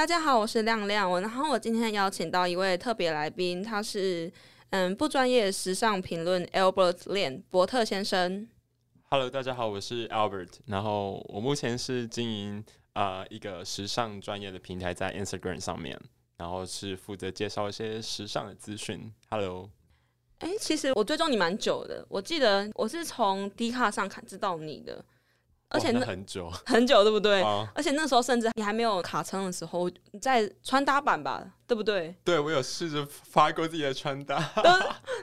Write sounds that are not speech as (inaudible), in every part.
大家好，我是亮亮。然後我今天邀請到一位特別來賓，他是嗯不專業時尚評論 Albert Lien 伯特先生。Hello，大家好，我是 Albert。然後我目前是經營啊、呃、一個時尚專業的平台在 Instagram 上面，然後是負責介紹一些時尚的資訊。Hello，哎、欸，其實我追蹤你蠻久的，我記得我是從 D 卡上看知道你的。而且那，那很久，很久對不對、啊？而且那時候甚至你還沒有卡稱的時候，在穿搭版吧，對不對？對，我有試着發過自己的穿搭。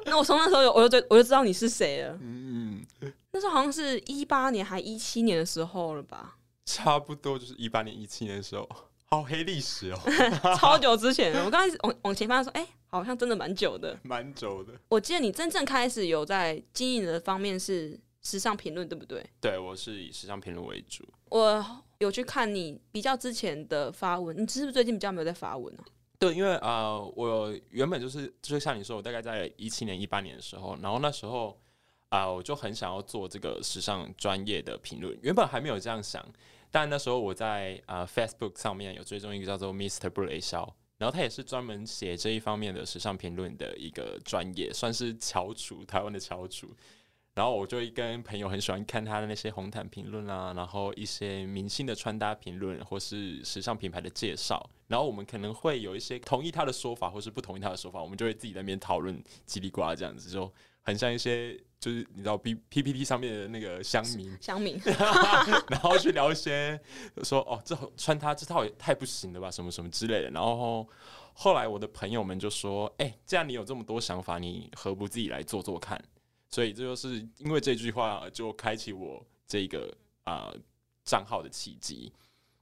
那我從那時候我就我就，我就知道你是誰了。嗯，嗯那時候好像是一八年還一七年的時候了吧？差不多就是一八年一七年的時候，好黑歷史哦， (laughs) 超久之前。我剛開始往往前翻說，哎、欸，好像真的蠻久的，蠻久的。我記得你真正開始有在經營的方面是。時尚評論對不對？對，我是以時尚評論為主。我有去看你比較之前的發文，你是不是最近比較沒有在發文啊？對，因為啊、呃，我原本就是就像你說，我大概在一七年、一八年的時候，然後那時候啊、呃，我就很想要做這個時尚專業的評論，原本還沒有這樣想。但那時候我在啊、呃、Facebook 上面有追蹤一個叫做 Mr. 布雷肖，然後他也是專門寫這一方面的時尚評論的一個專業，算是翹楚，台灣的翹楚。然後我就跟朋友很喜歡看他的那些紅毯評論啊，然後一些明星的穿搭評論，或是時尚品牌的介紹。然後我們可能會有一些同意他的說法，或是不同意他的說法，我們就會自己在那邊討論嘰里呱啦，這樣子就很像一些就是你知道 B P P P 上面的那個鄉民鄉民， (laughs) (laughs) 然後去聊一些說哦，這穿他這套也太不行了吧，什麼什麼之類的。然後後來我的朋友們就說，哎，既然你有這麼多想法，你何不自己來做做看？所以這就是因為這句話啊，就開啟我這個啊呃、賬號的契機。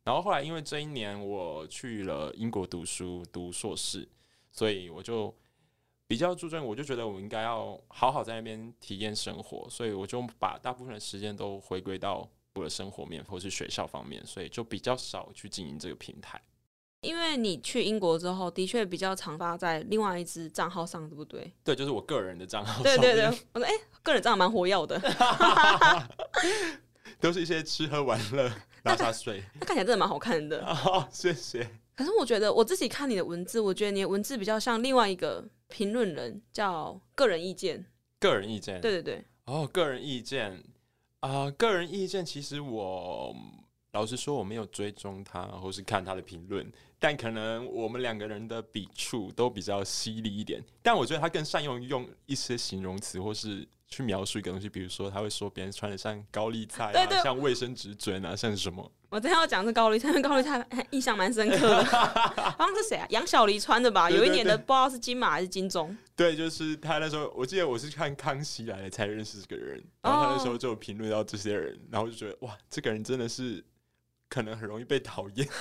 然後後來因為這一年我去了英國讀書讀碩士，所以我就比較注重，我就覺得我應該要好好在那邊體驗生活，所以我就把大部分的時間都回歸到我的生活面或是學校方面，所以就比較少去經營這個平台。因為你去英國之後，的確比較常發在另外一支賬號上，對不對？對，就是我個人的賬號上。對對對， (laughs) 我說哎、欸，個人賬號蠻活躍的， (laughs) (laughs) 都是一些吃喝玩樂、讓他睡。那看起來真的蠻好看的、哦。謝謝。可是我覺得我自己看你的文字，我覺得你的文字比較像另外一個評論人，叫個人意見。個人意見。對對對。哦，個人意見啊、呃，個人意見。其實我老實說，我沒有追蹤他，或是看他的評論。但可能我們兩個人的筆觸都比較犀利一點，但我覺得他更善用用一些形容詞，或是去描述一個東西。比如說，他會說別人穿得像高麗菜、啊，對對，像衛生紙捲啊，像什麼。我正要講這高麗菜，因為高麗菜印象蠻深刻的。好 (laughs) 像 (laughs) 是誰啊？楊小黎穿的吧？ (laughs) 有一年的不知道是金馬還是金鐘。對，對，對，對，對就是他那時候，我記得我是看《康熙來了》才認識這個人，oh. 然後他那時候就評論到這些人，然後我就覺得哇，這個人真的是可能很容易被討厭。 (laughs)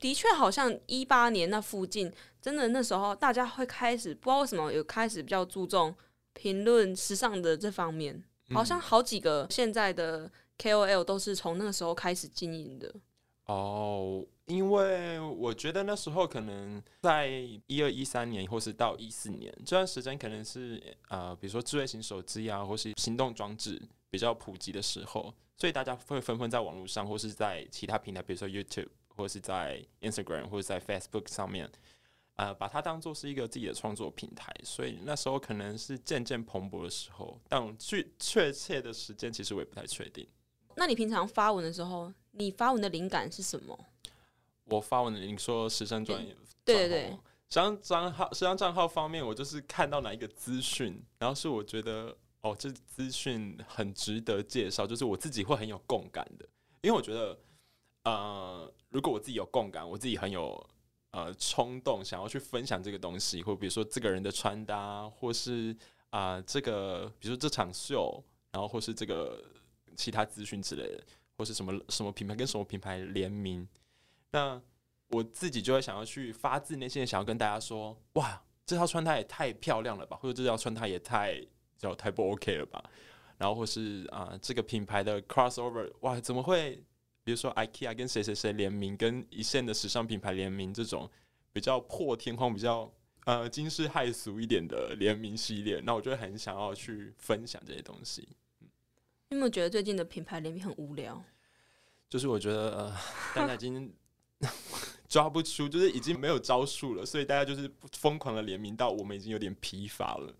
的確，好像一八年那附近，真的那時候大家會開始不知道為什麼有開始比較注重評論時尚的這方面，嗯，好像好幾個現在的 KOL 都是從那個時候開始經營的。哦，因為我覺得那時候可能在一二一三年，或是到一四年這段時間，可能是呃，比如說智慧型手機啊，或是行動裝置比較普及的時候，所以大家會紛紛在網絡上或是在其他平台，比如說 YouTube。或者是在 Instagram 或者在 Facebook 上面，呃，把它當做是一個自己的創作平台，所以那時候可能是漸漸蓬勃的時候，但具確切的時間其實我也不太確定。那你平常發文的時候，你發文的靈感是什麼？我發文的，你說時尚專業，對對實際上賬號、實際上賬號方面，我就是看到哪一個資訊，然後是我覺得哦，這資訊很值得介紹，就是我自己會很有共感的，因為我覺得。呃，如果我自己有共感，我自己很有呃衝動，想要去分享這個東西，或者比如說這個人的穿搭，或是啊、呃、這個比如說這場秀，然後或是這個其他資訊之類的，或是什麼什麼品牌跟什麼品牌聯名，那我自己就會想要去發自內心的想要跟大家說，哇，這套穿搭也太漂亮了吧，或者這套穿搭也太叫太不 OK 了吧，然後或是啊、呃、這個品牌的 crossover，哇，怎麼會？比如說，IKEA 跟誰誰誰聯名，跟一線的時尚品牌聯名，這種比較破天荒、比較呃驚世駭俗一點的聯名系列，那我就很想要去分享這些東西。嗯，你有沒有覺得最近的品牌聯名很無聊？就是我覺得，呃，大家已經 (laughs) 抓不出，就是已經沒有招數了，所以大家就是瘋狂的聯名，到我們已經有點疲乏了。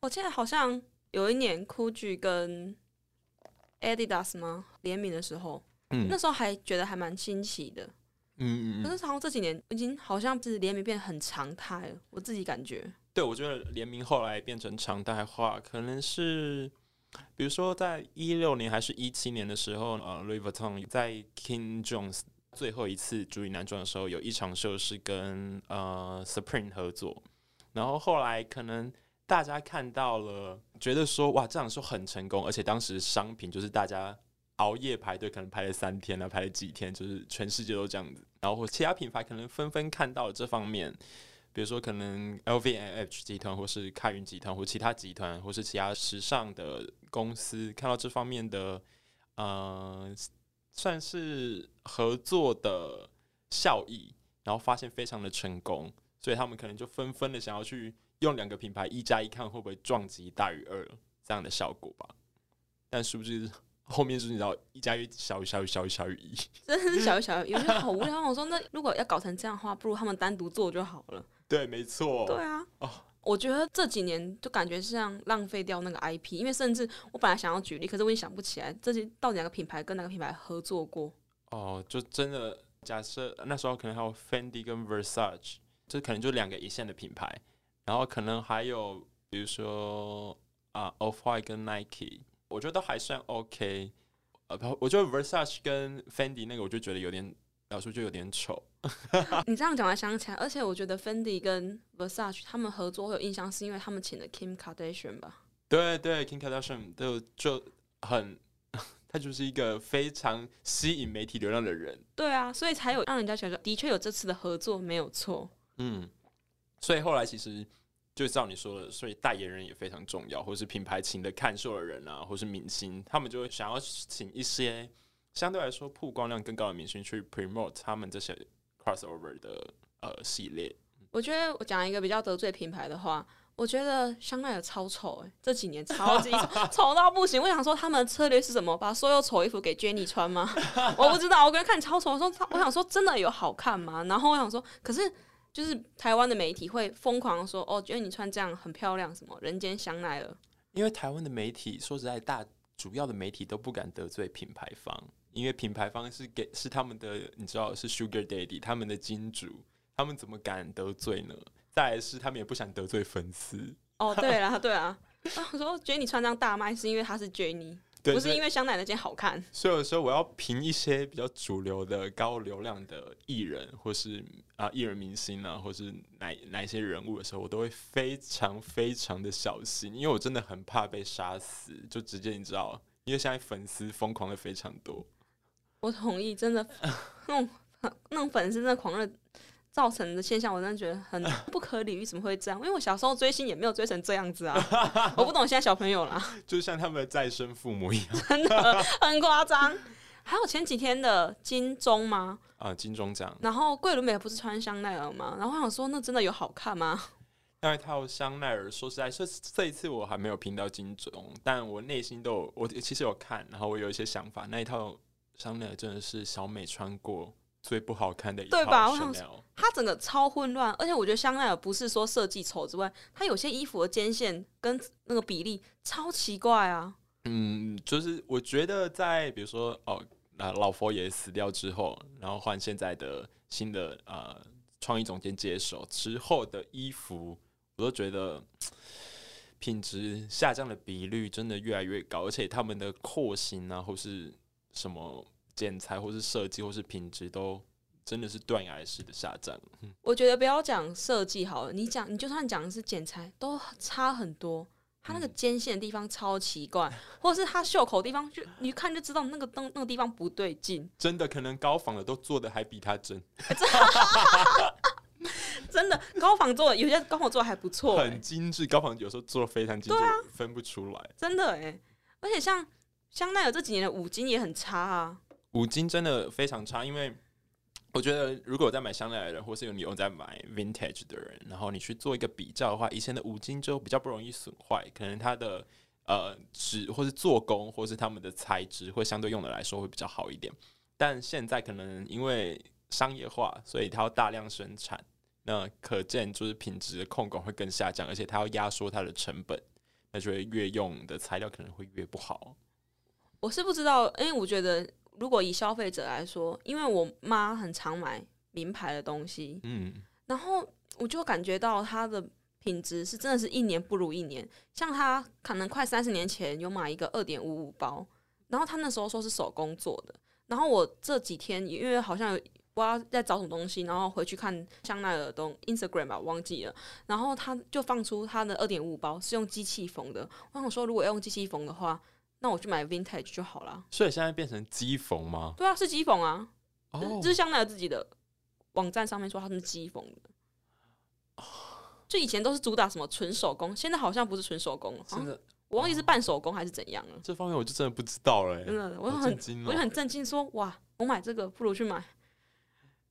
我記得好像有一年 Gucci 跟 Adidas 嗎聯名的時候。嗯，那時候還覺得還蠻新奇的，嗯嗯，可是好像這幾年已經好像是聯名變很常態，我自己感覺。對，我覺得聯名後來變成常態化，可能是比如說在一六年還是一七年的時候，呃，Louis Vuitton 在 Kim Jones 最後一次主理男裝的時候，有一場秀是跟呃 Supreme 合作，然後後來可能大家看到了，覺得說哇，這場秀很成功，而且當時商品就是大家。熬夜排隊，可能排了三天了，排了幾天，就是全世界都這樣子。然後或其他品牌可能紛紛看到了這方面，比如說可能 LVMH 集團，或是開雲集團，或其他集團，或是其他時尚的公司，看到這方面的呃，算是合作的效益，然後發現非常的成功，所以他們可能就紛紛的想要去用兩個品牌一加一看會不會撞擊大於二這樣的效果吧？但是不是？後面就是你知道，一加一小於小於小於小於一，真的是小於小於。有些好無聊。 (laughs) 我說，那如果要搞成這樣的話，不如他們單獨做就好了。對，沒錯。對啊。哦、oh.，我覺得這幾年就感覺像浪費掉那個 IP，因為甚至我本來想要舉例，可是我已經想不起來這些到底哪個品牌跟哪個品牌合作過。哦、oh,，就真的假設那時候可能還有 Fendi 跟 Versace，這可能就兩個一線的品牌，然後可能還有比如說啊 Off-White 跟 Nike。我覺得都還算 OK，呃，我覺得 Versace 跟 Fendi 那個，我就覺得有點表述，就有點醜。 (laughs) 你這樣講我想起來，而且我覺得 Fendi 跟 Versace 他們合作，我有印象是因為他們請的 Kim Kardashian 吧？對對，對，Kim Kardashian 都就，就很，他就是一個非常吸引媒體流量的人。對啊，所以才有讓人家覺得的確有這次的合作沒有錯。嗯，所以後來其實。就照你說的，所以代言人也非常重要，或是品牌請的看秀的人啊，或是明星，他們就會想要請一些相對來說曝光量更高的明星去 promote 他們這些 crossover 的呃系列。我覺得我講一個比較得罪品牌的話，我覺得香奈兒超醜，欸、這幾年超級醜 (laughs) 到不行。我想說他們的策略是什麼？把所有醜衣服給 Jennie 穿嗎？我不知道，我剛看你超醜，我說我想說真的有好看嗎？然後我想說可是。就是台灣的媒體會瘋狂說哦，Jenny 穿這樣很漂亮，什麼人間香奈兒。因為台灣的媒體說實在大，大，主要的媒體都不敢得罪品牌方，因為品牌方是給是他們的，你知道是 Sugar Daddy 他們的金主，他們怎麼敢得罪呢？再來是他們也不想得罪粉絲。哦，對啦， (laughs) 對啦，對啦啊，我說 Jenny 穿這樣大賣，是因為他是 Jenny。不是因為香奈那件好看，所以有時候我要評一些比較主流的高流量的藝人，或是啊藝人明星啊，或是哪哪些人物的時候，我都會非常非常的小心，因為我真的很怕被殺死，就直接你知道，因為現在粉絲瘋狂的非常多。我同意，真的， (laughs) 弄弄粉絲真的狂熱。造成的現象，我真的覺得很不可理喻，怎 (laughs) 麼會這樣？因為我小時候追星也沒有追成這樣子啊！ (laughs) 我不懂現在小朋友啦，就像他們的再生父母一樣 (laughs) 真的很誇張。 (laughs) 還有前幾天的金鐘嗎？啊，金鐘獎。然後桂綸鎂不是穿香奈兒嗎？然後我想說，那真的有好看嗎？那一套香奈兒，說實在，這這一次我還沒有評到金鐘，但我內心都有，我其實有看，然後我有一些想法。那一套香奈兒真的是小美穿過。最不好看的，對吧？我想說，它整個超混亂， (laughs) 而且我覺得香奈兒不是說設計醜之外，它有些衣服的肩線跟那個比例超奇怪啊。嗯，就是我覺得在比如說哦，那、啊、老佛爺死掉之後，然後換現在的新的呃創意總監接手之後的衣服，我都覺得品質下降的比率真的越來越高，而且他們的廓形啊或是什麼。剪裁或是設計或是品質都真的是斷崖式的下降。嗯、我覺得不要講設計好了，你講你就算講的是剪裁都差很多。他那個肩線的地方超奇怪，嗯、或者是他袖口的地方就，你一 (laughs) 看就知道那個燈那個地方不對勁。真的可能高仿的都做的還比他真。 (laughs) (laughs) 真的高仿做的，有些高仿做的還不錯，欸，很精緻。高仿有時候做的非常精緻，對啊，分不出來。真的哎、欸，而且像香奈兒這幾年的五金也很差啊。五金真的非常差，因為我覺得如果我在買香奈兒的或是有理由在買 vintage 的人，然後你去做一個比較的話，以前的五金就比較不容易損壞，可能它的呃紙或是做工，或是他們的材質，會相對用的來說會比較好一點。但現在可能因為商業化，所以它要大量生產，那可見就是品質的控管會更下降，而且它要壓縮它的成本，那就會越用的材料可能會越不好。我是不知道，因為我覺得。如果以消費者來說，因為我媽很常買名牌的東西，嗯，然後我就感覺到她的品質是真的是一年不如一年。像她可能快三十年前有買一個二點五五包，然後她那時候說是手工做的，然後我這幾天也因為好像有我要在找什麼東西，然後回去看香奈兒的 Instagram 吧，我忘記了。然後她就放出她的二點五五包是用機器縫的，我想說如果用機器縫的話。那我去買 vintage 就好了。所以現在變成機縫嗎？對啊，是機縫啊！就、oh. 是香奈兒自己的網站上面說他們是機縫的。Oh. 就以前都是主打什麼純手工，現在好像不是純手工了、啊。真的，我忘記是半手工還是怎樣了、啊啊。這方面我就真的不知道了、欸。真的，我就很、喔、我就很震驚，說哇，我買這個不如去買。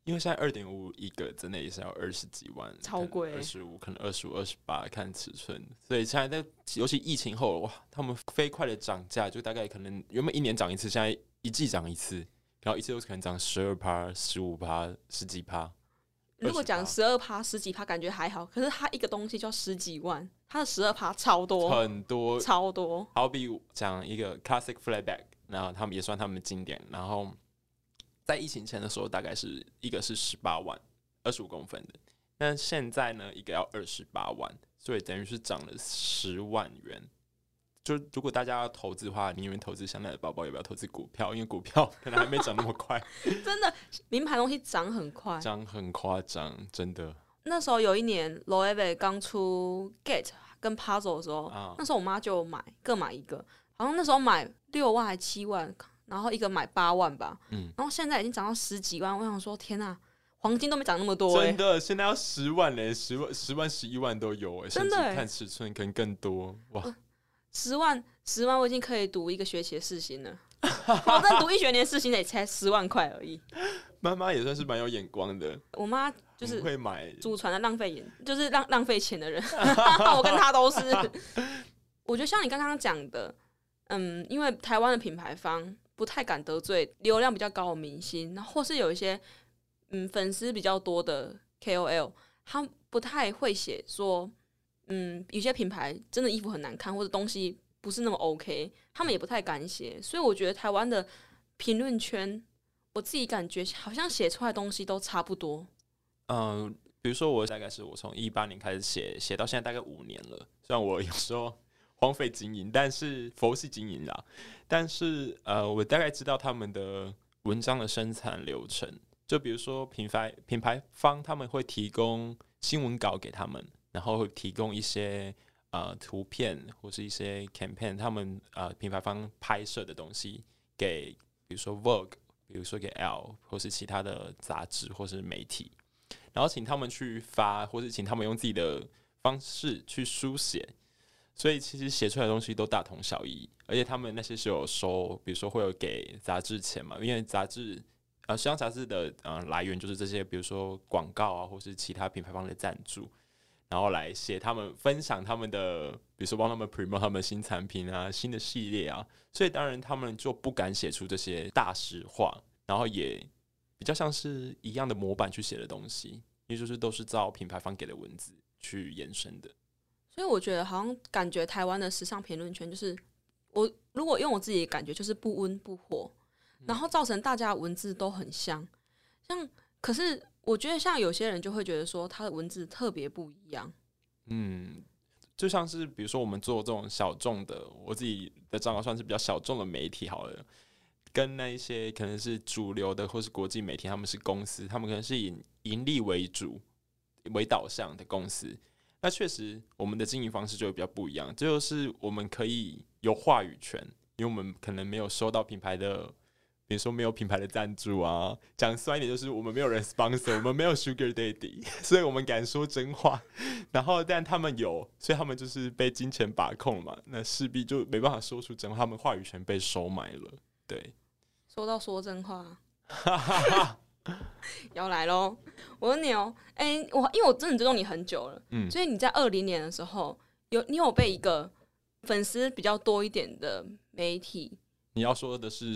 因為現在二點五一個真的也是要二十幾萬，超貴。二十五可能二十五二十八看尺寸，所以現在在尤其疫情後哇，他們飛快的漲價，就大概可能原本一年漲一次，現在一季漲一次，然後一次都可能漲十二趴、十五趴、十幾趴。如果講十二趴、十幾趴，感覺還好。可是它一個東西就要十幾萬，它的十二趴超多，很多，超多。好比講一個 classic flap bag，然後他們也算他們的經典，然後。在疫情前的時候，大概是一個是十八萬二十五公分的，但現在呢，一個要二十八萬，所以等於是漲了十萬元。就如果大家要投資的話，寧願投資香奈兒包包，也不要投資股票，因為股票可能還沒漲那麼快。 (laughs) 真的名牌東西漲很快，漲很誇張，真的。那時候有一年 LOEWE 剛出 GET 跟 PUZZLE 的時候，啊、那時候我媽就買，各買一個，好像那時候買六萬還七萬。然後一個買八萬吧，嗯，然後現在已經漲到十幾萬，我想說天哪，黃金都沒漲那麼多，欸，真的，現在要十萬嘞，欸，十萬、十萬、十一萬都有哎，欸，真的，欸，現在看尺寸可能更多哇，呃，十萬、十萬我已經可以讀一個學期的四薪，了，反 (laughs) 正讀一學年四薪也才十萬塊而已，媽媽也算是蠻有眼光的，我媽就是會買祖傳的浪費就是浪浪費錢的人， (laughs) (laughs) 我跟她都是， (laughs) 我覺得像你剛剛講的，嗯，因為台灣的品牌方。不太敢得罪流量比較高的明星，然後或是有一些嗯粉絲比較多的 KOL，他不太會寫說，嗯，有些品牌真的衣服很難看或者東西不是那麼 OK，他們也不太敢寫，所以我覺得台灣的評論圈，我自己感覺好像寫出來的東西都差不多。嗯，比如說我大概是我從一八年開始寫，寫到現在大概五年了，像我有時候。荒廢經營，但是佛系經營啦、啊。但是呃，我大概知道他們的文章的生產流程。就比如說品牌品牌方他們會提供新聞稿給他們，然後會提供一些呃圖片或是一些 campaign，他們呃品牌方拍攝的東西給，比如說 Vogue，比如說給 L 或是其他的雜誌或是媒體，然後請他們去發，或是請他們用自己的方式去書寫。所以其實寫出來的東西都大同小異，而且他們那些是有收，比如說會有給雜誌錢嘛，因為雜誌、啊、呃，時尚雜誌的啊來源就是這些，比如說廣告啊，或是其他品牌方的贊助，然後來寫他們，分享他們的，比如說幫他們 promote 他們新產品啊、新的系列啊，所以當然他們就不敢寫出這些大實話，然後也比較像是一樣的模板去寫的東西，也就是都是照品牌方給的文字去延伸的。所以我覺得好像感覺台灣的時尚評論圈，就是我如果用我自己的感覺，就是不溫不火，然後造成大家的文字都很像。像可是我覺得像有些人就會覺得說他的文字特別不一樣，嗯，就像是比如說我們做這種小眾的，我自己的賬號算是比較小眾的媒體好了，跟那一些可能是主流的或是國際媒體，他們是公司，他們可能是以盈利為主為導向的公司。那確實，我們的經營方式就比較不一樣。就是我們可以有話語權，因為我們可能沒有收到品牌的，比如說沒有品牌的贊助啊。講酸一點，就是我們沒有人 sponsor，我們沒有 sugar daddy， (laughs) 所以我們敢說真話。然後，但他們有，所以他們就是被金錢把控嘛，那勢必就沒辦法說出真話。他們話語權被收買了，對。說到說真話。 (laughs) (laughs) 要來嘍！我問你哦、喔，哎、欸，我因為我真的尊重你很久了，嗯，所以你在二零年的時候，有你有被一個粉絲比較多一點的媒體，嗯、你要說的是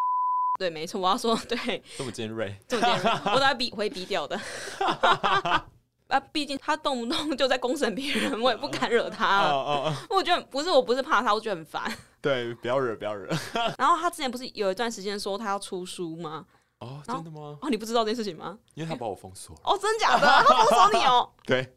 (laughs) ，對，沒錯，我要說對，這麼尖銳， (laughs) (laughs) 這麼尖銳，我都要避，會避掉的、 (laughs) 啊。畢竟他動不動就在公審別人，我也不敢惹他、 (laughs) 啊啊啊。我覺得不是，我不是怕他，我覺得很煩。對，不要惹，不要惹。 (laughs) 然後他之前不是有一段時間說他要出書嗎？哦、oh，真的嗎？哦，你不知道這件事情嗎？因為他把我封鎖了。 (laughs) 哦，真的假的？他封鎖你哦？ (laughs) 對。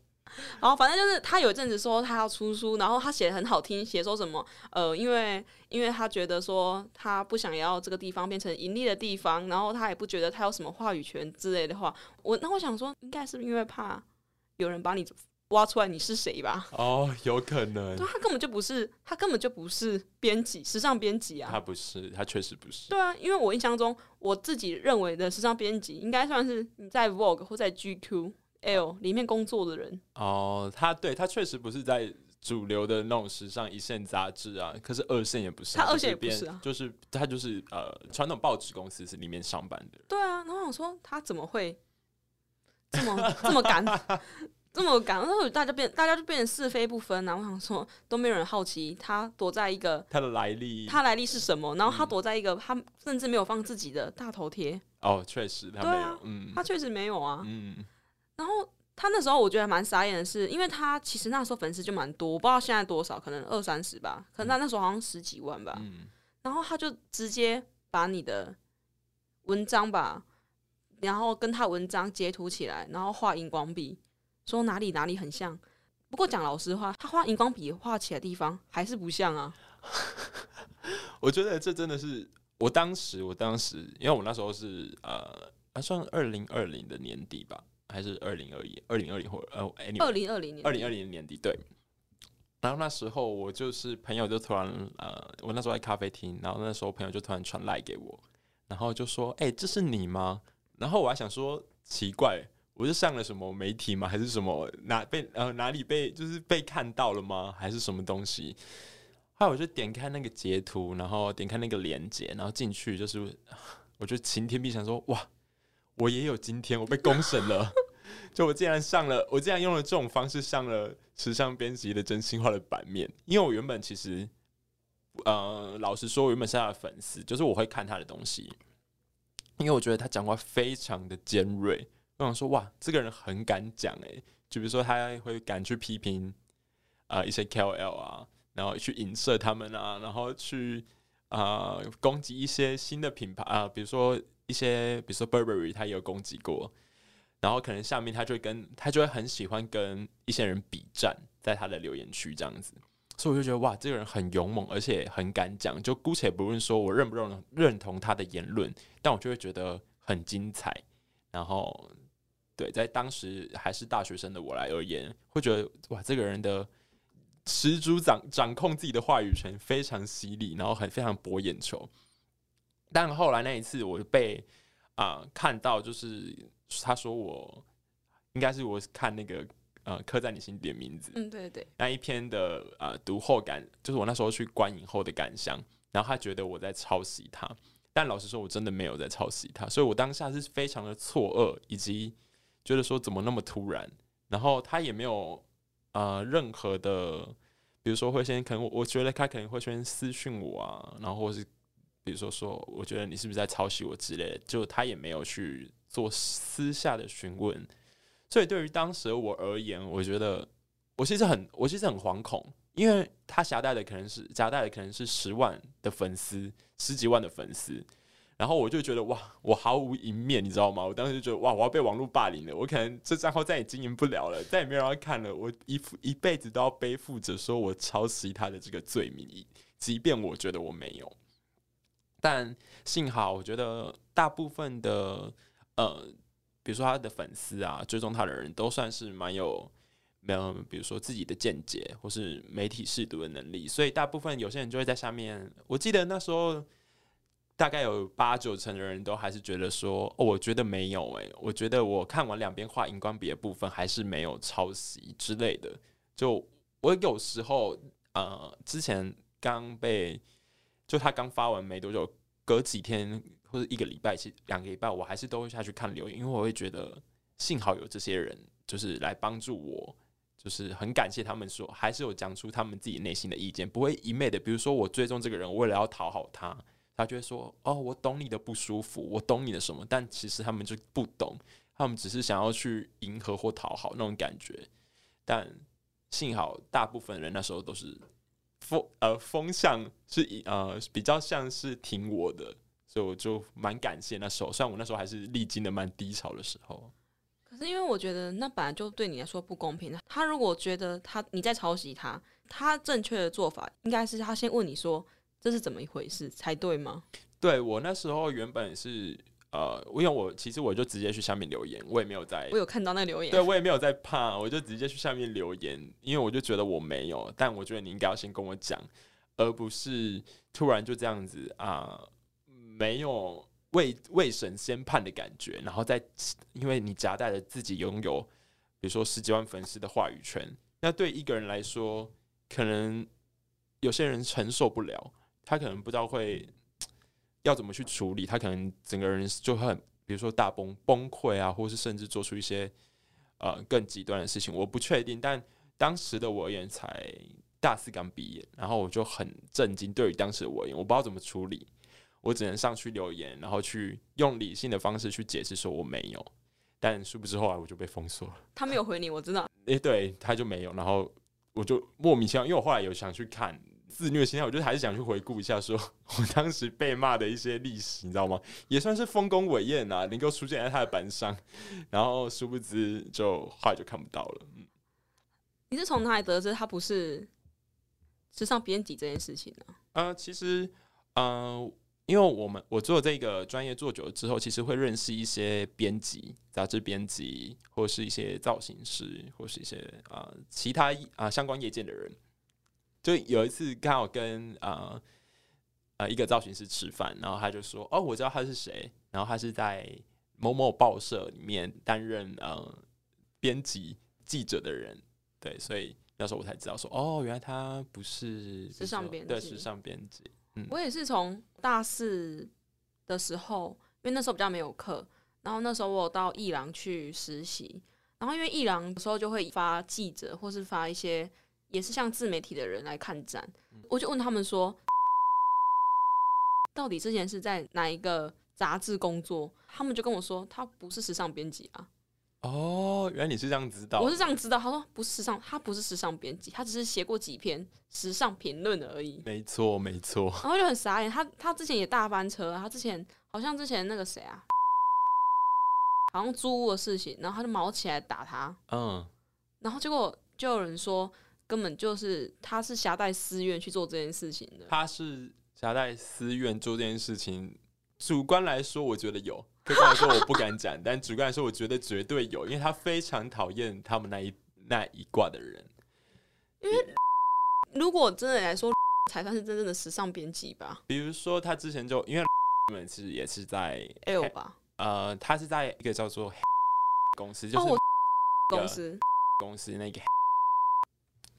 然後反正就是他有一陣子說他要出書，然後他寫得很好聽，寫說什麼呃，因為因為他覺得說他不想要這個地方變成盈利的地方，然後他也不覺得他有什麼話語權之類的話。我那我想說，應該是不是因為怕有人把你。挖出來，你是誰吧？哦、oh，有可能。對，他根本就不是，他根本就不是編輯，時尚編輯啊、嗯。他不是，他確實不是。對啊，因為我印象中，我自己認為的時尚編輯，應該算是你在 Vogue 或在 G Q L 裡面工作的人。哦、oh，他對他確實不是在主流的那種時尚一線雜誌啊，可是二線也不是、啊，他二線也不是啊，就是、就是、他就是呃，傳統報紙公司是裡面上班的。對啊，然後我想說他怎麼會這麼 (laughs) 這麼敢？ (laughs) 這麼搞，然後大家變，大家就變成是非不分、啊。然後我想說，都沒有人好奇他躲在一個他的來歷，他來歷是什麼？然後他躲在一個，嗯、他甚至沒有放自己的大頭貼。哦，確實，他沒有。對啊嗯、他確實沒有啊、嗯。然後他那時候我覺得蠻傻眼的是，因為他其實那時候粉絲就蠻多，我不知道現在多少，可能二三十吧，可能他那時候好像十幾萬吧、嗯。然後他就直接把你的文章吧，然後跟他文章截圖起來，然後畫熒光筆。說哪裡哪裡很像，不過講老實話，他畫熒光筆畫起來地方還是不像啊 (laughs) 。我覺得這真的是我當時，我當時，因為我那時候是呃，還算二零二零的年底吧，還是二零二一、二零二零或呃，哎、anyway，二零二零年、二零二零年底對。然後那時候我就是朋友就突然呃，我那時候在咖啡廳，然後那時候朋友就突然傳 LINE 給我，然後就說：“誒、欸，這是你嗎？”然後我還想說奇怪。我是上了什麼媒體嗎？還是什麼哪被呃，哪裡被就是被看到了嗎？還是什麼東西？後來我就點開那個截圖，然後點開那個連接，然後進去就是，我就晴天必想說哇，我也有今天，我被公審了。 (laughs) 就我竟然上了，我竟然用了這種方式上了時尚編輯的真心話的版面。因為我原本其實，呃，老實說，我原本是他的粉絲，就是我會看他的東西，因為我覺得他講話非常的尖銳。我想說，哇，這個人很敢講誒、欸！就比如說，他會敢去批評啊、呃、一些 KOL 啊，然後去影射他們啊，然後去啊、呃、攻擊一些新的品牌啊、呃，比如說一些比如說 Burberry，他也有攻擊過。然後可能下面他就會跟他就會很喜歡跟一些人比戰，在他的留言區這樣子。所以我就覺得，哇，這個人很勇猛，而且很敢講。就姑且不論說我認不認認同他的言論，但我就會覺得很精彩。然後。對，在當時還是大學生的我來而言，會覺得哇，這個人的十足掌掌控自己的話語權非常犀利，然後很非常博眼球。但後來那一次，我就被啊、呃、看到，就是他說我應該是我看那個呃《刻在你心底的名字，嗯，對對對，那一篇的呃讀後感，就是我那時候去觀影後的感想，然後他覺得我在抄襲他，但老實說，我真的沒有在抄襲他，所以我當下是非常的錯愕以及，覺得說怎麼那麼突然？然後他也沒有啊、呃，任何的，比如說會先肯，我覺得他肯定會先私訊我啊，然後或是比如說說，我覺得你是不是在抄襲我之類的，就他也沒有去做私下的詢問。所以對於當時我而言，我覺得我其實很，我其實很惶恐，因為他夾帶的可能是夾帶的可能是十萬的粉絲，十幾萬的粉絲。然後我就覺得哇，我毫無贏面，你知道嗎？我當時就覺得哇，我要被網絡霸凌了，我可能這賬號再也經營不了了，再也沒有人看了，我一一輩子都要背負着說我抄襲他的這個罪名，即便我覺得我沒有。但幸好，我覺得大部分的呃，比如說他的粉絲啊，追蹤他的人都算是蠻有，沒有比如說自己的見解或是媒體識讀的能力，所以大部分有些人就會在下面。我記得那時候。大概有八九成的人都還是覺得說，哦，我覺得沒有誒、欸，我覺得我看完兩邊畫熒光筆的部分還是沒有抄襲之類的。就我有時候，呃，之前剛被就他剛發完沒多久，隔幾天或者一個禮拜、兩個禮拜，我還是都會下去看留言，因為我會覺得幸好有這些人，就是來幫助我，就是很感謝他們說，還是有講出他們自己內心的意見，不會一昧的，比如說我追蹤這個人，為了要討好他。他就會說：“哦，我懂你的不舒服，我懂你的什麼，但其實他們就不懂，他們只是想要去迎合或討好那種感覺。但幸好，大部分人那時候都是風呃風向是呃比較像是挺我的，所以我就蠻感謝那時候。雖然我那時候還是歷經的蠻低潮的時候。可是因為我覺得那本來就對你來說不公平。他如果覺得他你在抄襲他，他正確的做法應該是他先問你說。”這是怎麼一回事才對嗎？對，我那時候原本是呃，因為我其實我就直接去下面留言，我也沒有在，我有看到那留言，對，我也沒有在怕，我就直接去下面留言，因為我就覺得我沒有，但我覺得你應該要先跟我講，而不是突然就這樣子啊、呃，沒有未未審先判的感覺，然後再因為你夾帶着自己擁有，比如說十幾萬粉絲的話語權，那對一個人來說，可能有些人承受不了。他可能不知道會要怎麼去處理，他可能整個人就很，比如說大崩崩潰啊，或是甚至做出一些呃更極端的事情。我不確定，但當時的我而言，才大四剛畢業，然後我就很震驚。對於當時的我而言，我不知道怎麼處理，我只能上去留言，然後去用理性的方式去解釋說我沒有。但殊不知後來我就被封鎖了。他沒有回你，我知道。誒、欸，對，他就沒有，然後我就莫名其妙，因為我後來有想去看。自虐心態，我覺得還是想去回顧一下說，說我當時被罵的一些歷史，你知道嗎？也算是豐功偉業啊，能夠出現在他的班上，然後殊不知就後來就看不到了。嗯，你是從哪裡得知他不是時尚編輯這件事情呢？啊？啊、呃，其實，呃，因為我們我做這個專業做久了之後，其實會認識一些編輯、雜誌編輯，或是一些造型師，或是一些啊、呃、其他啊、呃、相關業界的人。就有一次，剛好跟呃呃一個造型師吃飯，然後他就說：“哦，我知道他是誰。”然後他是在某某報社裡面擔任呃編輯記者的人。對，所以那時候我才知道說：“哦，原來他不是時尚編輯。”對，時尚編輯，嗯。我也是從大四的時候，因為那時候比較沒有課，然後那時候我到藝廊去實習，然後因為藝廊有時候就會發記者或是發一些，也是像自媒體的人來看展，我就問他們說：“到底之前是在哪一個雜誌工作？”他們就跟我說：“他不是時尚編輯啊。”哦，原來你是這樣知道。我是這樣知道。他說：“不是時尚，他不是時尚編輯，他只是寫過幾篇時尚評論而已。”沒錯，沒錯。然後就很傻眼，欸，他他之前也大翻車，他之前好像之前那個誰啊，好像租屋的事情，然後他就毛起來打他。嗯。然後結果就有人說。根本就是，他是挾帶私怨去做這件事情的。他是挾帶私怨做這件事情，主觀來說，我覺得有；客觀來說，我不敢講。 (laughs) 但主觀來說，我覺得絕對有，因為他非常討厭他們那一那一掛的人。因為如果真的來說，才算是真正的時尚編輯吧。比如說，他之前就因為他們其實也是在 L 吧，呃，他是在一個叫做公司，就是公司公司那個。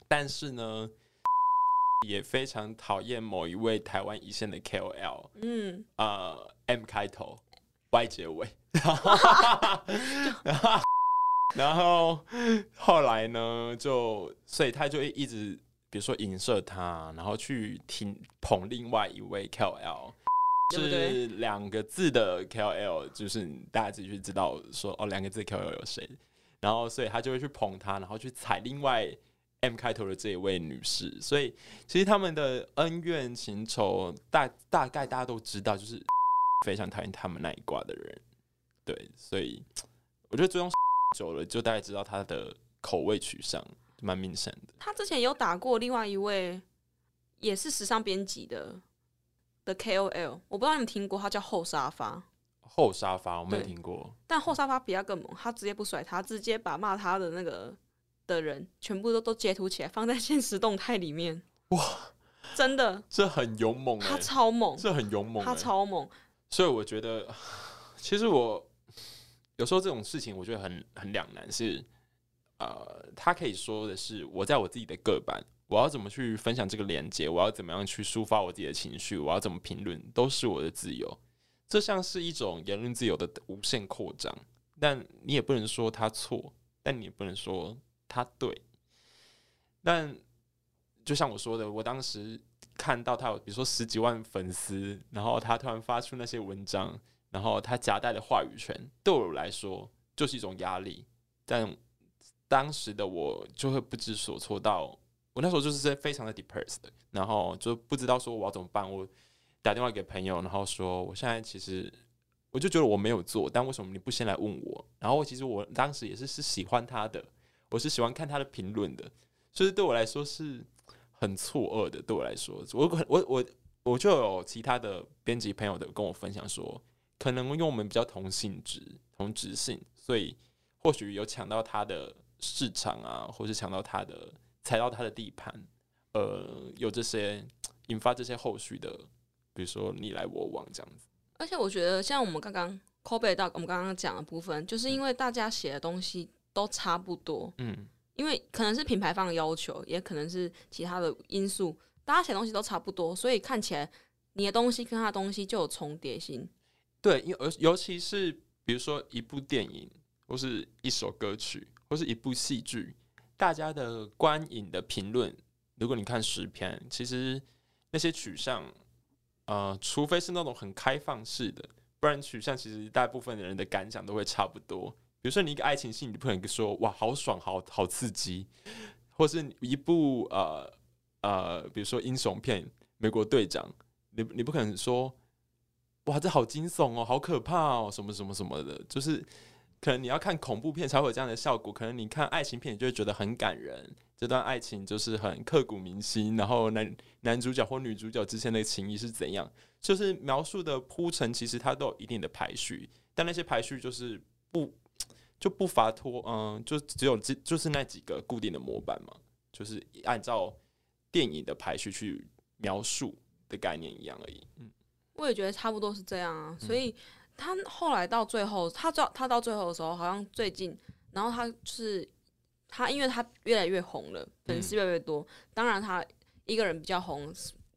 但是呢，也非常討厭某一位台灣一線的 KOL，嗯，呃，M 開頭，Y 結尾， (laughs) 然後， (laughs) 然後，然後後來呢，就所以他就會一直，比如說影射他，然後去聽捧另外一位 KOL， (laughs) 是兩個字的 KOL，就是大家自己去知道說哦，兩個字的 KOL 有誰，然後所以他就會去捧他，然後去踩另外。M 開頭的這一位女士，所以其實他們的恩怨情仇大大概大家都知道，就是、XX、非常討厭他們那一掛的人。對，所以我覺得追蹤久了，就大概知道他的口味取向，蠻明顯的。他之前有打過另外一位也是時尚編輯的的 KOL，我不知道你們聽過，他叫厚沙發。厚沙發，我沒有聽過。但厚沙發比較更猛，他直接不甩他，他直接把罵他的那個。的人全部都都截圖起來放在限時動態裡面，哇！真的，這很勇猛，欸，他超猛，這很勇猛，欸，他超猛。所以我覺得，其實我有時候這種事情，我覺得很很兩難是。是呃，他可以說的是，我在我自己的個版，我要怎麼去分享這個連結，我要怎麼樣去抒發我自己的情緒，我要怎麼評論，都是我的自由。這像是一種言論自由的無限擴張，但你也不能說他錯，但你也不能說。他對，但就像我說的，我當時看到他有，比如說十幾萬粉絲，然後他突然發出那些文章，然後他夾帶的話語權，對我來說就是一種壓力。但當時的我就會不知所措，到我那時候就是非常的 depressed，然後就不知道說我要怎麼辦。我打電話給朋友，然後說我現在其實我就覺得我沒有做，但為什麼你不先來問我？然後其實我當時也是是喜歡他的。我是喜歡看他的評論的，所以對我來說是很錯愕的。對我來說，我我我我就有其他的編輯朋友的跟我分享說，可能因為我們比較同性質、同質性，所以或許有搶到他的市場啊，或是搶到他的踩到他的地盤，呃，有這些引發這些後續的，比如說你來我往這樣子。而且我覺得，像我們剛剛 Kobe 到我們剛剛講的部分，就是因為大家寫的東西，都差不多，嗯，因為可能是品牌方的要求，也可能是其他的因素，大家寫東西都差不多，所以看起來你的東西跟他的東西就有重疊性。對，因為尤其是比如說一部電影或是一首歌曲或是一部戲劇，大家的觀影的評論，如果你看十篇，其實那些取向，呃，除非是那種很開放式的，不然取向其實大部分的人的感想都會差不多。比如說，你一個愛情戲，你不可能說“哇，好爽，好好刺激”，或是一部呃呃，比如說英雄片《美國隊長》你，你你不可能說“哇，這好驚悚哦，好可怕哦，什麼什麼什麼的”。就是可能你要看恐怖片才會有這樣的效果，可能你看愛情片，你就會覺得很感人，這段愛情就是很刻骨銘心。然後男男主角或女主角之間的情誼是怎樣？就是描述的鋪陳，其實它都有一定的排序，但那些排序就是不。就不發托，嗯，就只有這就是那幾個固定的模板嘛，就是按照電影的排序去描述的概念一樣而已。嗯，我也覺得差不多是這樣啊。嗯、所以他後來到最後，他到他到最後的時候，好像最近，然後他，就是他，因為他越來越紅了，粉絲越來越多。嗯、當然，他一個人比較紅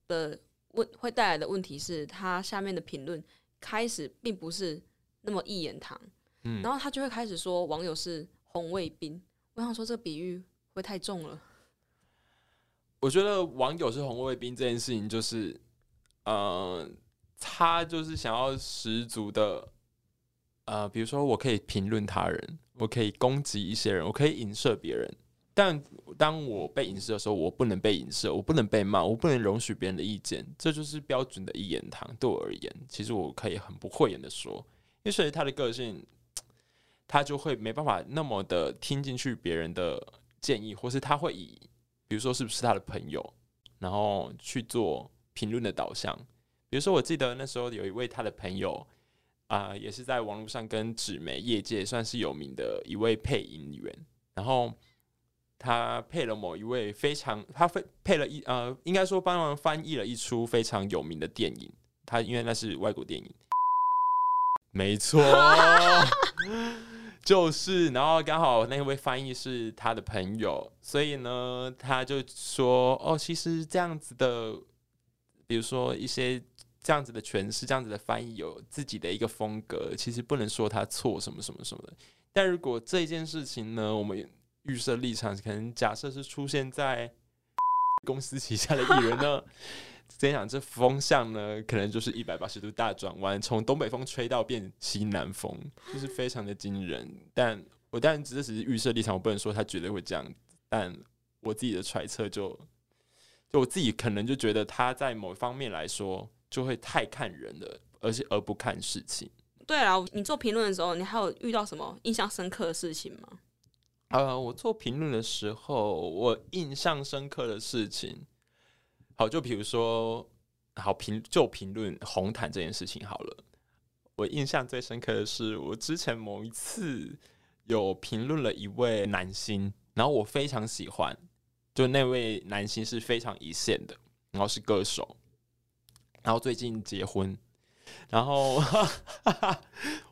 的問會帶來的問題是，他下面的評論開始並不是那麼一言堂。嗯，然後他就會開始說網友是紅衛兵。我想說這個比喻會太重了。我覺得網友是紅衛兵這件事情，就是，呃，他就是想要十足的，呃，比如說我可以評論他人，我可以攻擊一些人，我可以影射別人。但當我被影射的時候，我不能被影射，我不能被罵，我不能容許別人的意見。這就是標準的一言堂。對我而言，其實我可以很不諱言的說，因為所以他的個性。他就會沒辦法那麼的聽進去別人的建議，或是他會以比如說是不是他的朋友，然後去做評論的導向。比如說，我記得那時候有一位他的朋友，啊、呃，也是在網絡上跟紙媒業界算是有名的一位配音員，然後他配了某一位非常，他非配了一呃，應該說幫忙翻譯了一出非常有名的電影。他因為那是外國電影， (coughs) 沒錯。 (coughs) 就是，然後剛好那位翻譯是他的朋友，所以呢，他就說：“哦，其實這樣子的，比如說一些這樣子的詮釋，這樣子的翻譯有自己的一個風格，其實不能說他錯什麼什麼什麼的。但如果這件事情呢，我們預設立場，可能假設是出現在公司旗下的藝人呢。 (laughs) ”所以講，這風向呢，可能就是一百八十度大轉彎，從東北風吹到變西南風，就是非常的驚人。但我當然只是只是預設立場，我不能說他絕對會這樣。但我自己的揣測，就就我自己可能就覺得他在某一方面來說，就會太看人了，而且而不看事情。對啊，你做評論的時候，你還有遇到什麼印象深刻的事情嗎？啊、呃，我做評論的時候，我印象深刻的事情。好，就比如說，好評就評論紅毯這件事情好了。我印象最深刻的是，我之前某一次有評論了一位男星，然後我非常喜歡，就那位男星是非常一線的，然後是歌手，然後最近結婚，然後 (laughs)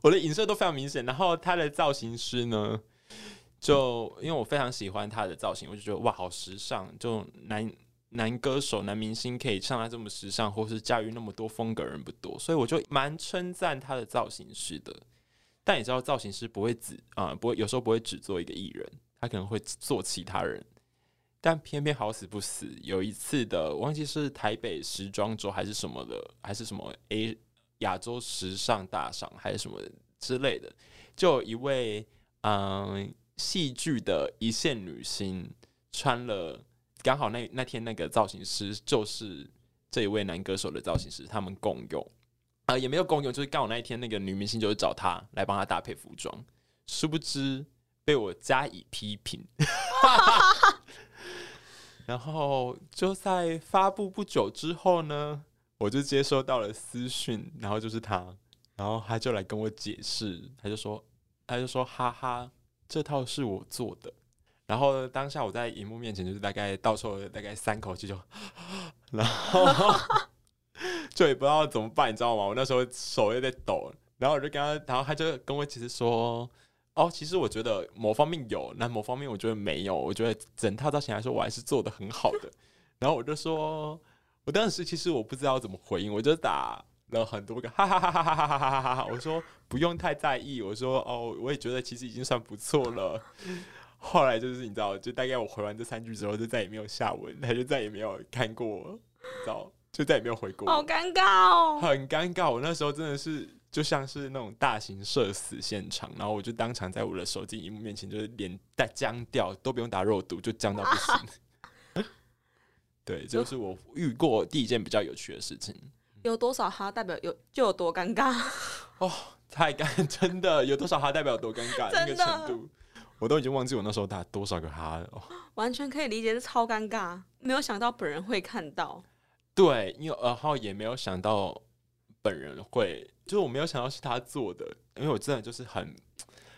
我的影射都非常明顯。然後他的造型師呢，就因為我非常喜歡他的造型，我就覺得哇，好時尚，就男。男歌手、男明星可以像他這麼時尚，或者是駕馭那麼多風格人不多，所以我就蠻稱讚他的造型師的。但你知道，造型師不會只啊、嗯，不會有時候不會只做一個藝人，他可能會做其他人。但偏偏好死不死，有一次的，忘記是台北時裝周還是什麼的，還是什麼 A 亞洲時尚大賞還是什麼之類的，就有一位嗯戲劇的一線女星穿了。剛好那那天那個造型師就是這一位男歌手的造型師，他們共有，啊、呃，也沒有共用，就是剛好那一天那個女明星就是找他來幫他搭配服裝，殊不知被我加以批評。 (laughs) (laughs) (laughs) 然後就在發布不久之後呢，我就接收到了私訊，然後就是他，然後他就來跟我解釋，他就說，他就說，哈哈，這套是我做的。然後當下我在熒幕面前就是大概倒抽了大概三口氣就，然後就也不知道怎麼辦，你知道嗎？我那時候手也在抖，然後我就跟他，然後他就跟我其實說，哦，其實我覺得某方面有，那某方面我覺得沒有，我覺得整套造型來說我還是做得很好的。然後我就說，我當時其實我不知道怎麼回應，我就打了很多個哈哈哈哈哈哈哈。我說不用太在意，我說哦，我也覺得其實已經算不錯了。後來就是你知道，就大概我回完這三句之後，就再也沒有下文，他就再也沒有看過，你知道就再也沒有回過。好尷尬哦，很尷尬。我那時候真的是就像是那種大型社死現場，然後我就當場在我的手機螢幕面前就是臉帶僵掉，都不用打肉毒，就僵到不行。啊、 (laughs) 對，這就是我遇過第一件比較有趣的事情。有多少哈代表有就有多尷尬？哦，太尷，真的有多少哈代表有多尷尬那個程度？我都已經忘記我那時候打多少個哈了，完全可以理解，這超尷尬。沒有想到本人會看到，對，因為二號也沒有想到本人會，就是我沒有想到是他做的，因為我真的就是很